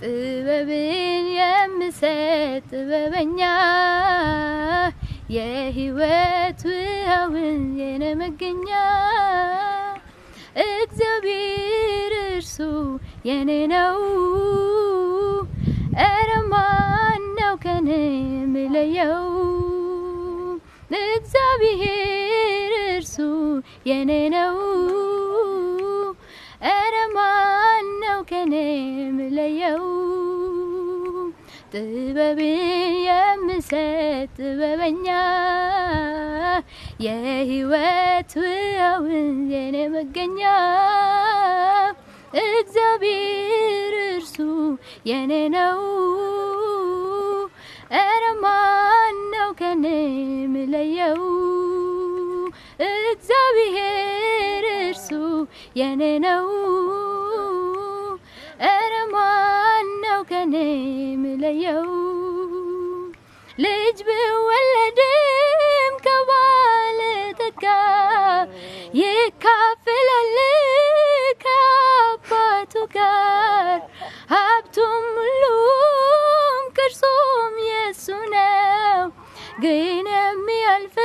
ጥበብን የምሰጥ ጥበበኛ የህይወት ውሃውን የነ መገኛ እግዚአብሔር እርሱ የኔ ነው። ኧረ ማን ነው ከኔ የምለየው? እግዚአብሔር እርሱ የኔ ነው። ኧረ ማን ነው ከኔ ጥበብን የምሰጥ ጥበበኛ የህይወት ውሃውን የኔ መገኛ እግዚአብሔር እርሱ የኔ ነው። ኧረ ማን ነው ከኔ የምለየው? እግዚአብሔር እርሱ የኔ ነው። ኧረ ማን ነው ከኔ ليوم لجب ولدم كبالتك يكافل عليك عباتك هبتم اللوم كرسوم يسونا قينا مي ألف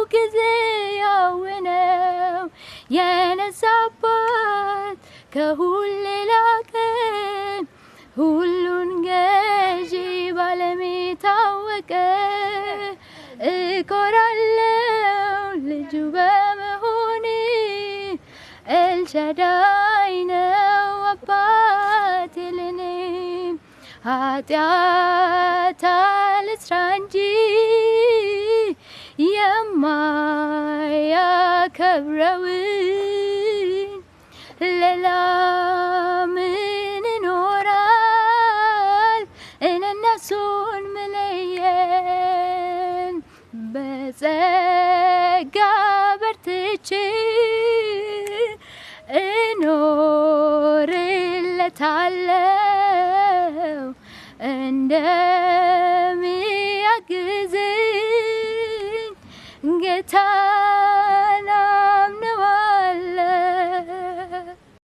وكزي عونا يا نسابات كهول لكن هول አወቀ። እኮራለው ልጁ በመሆኔ ኤልሻዳይ ነው አባቴ ለኔ። ኃጢአት አልስራ እንጂ የማያከብረውን ሌላ ምን ሰጥቼ እኖርለታለው እንደሚያግዝኝ ጌታ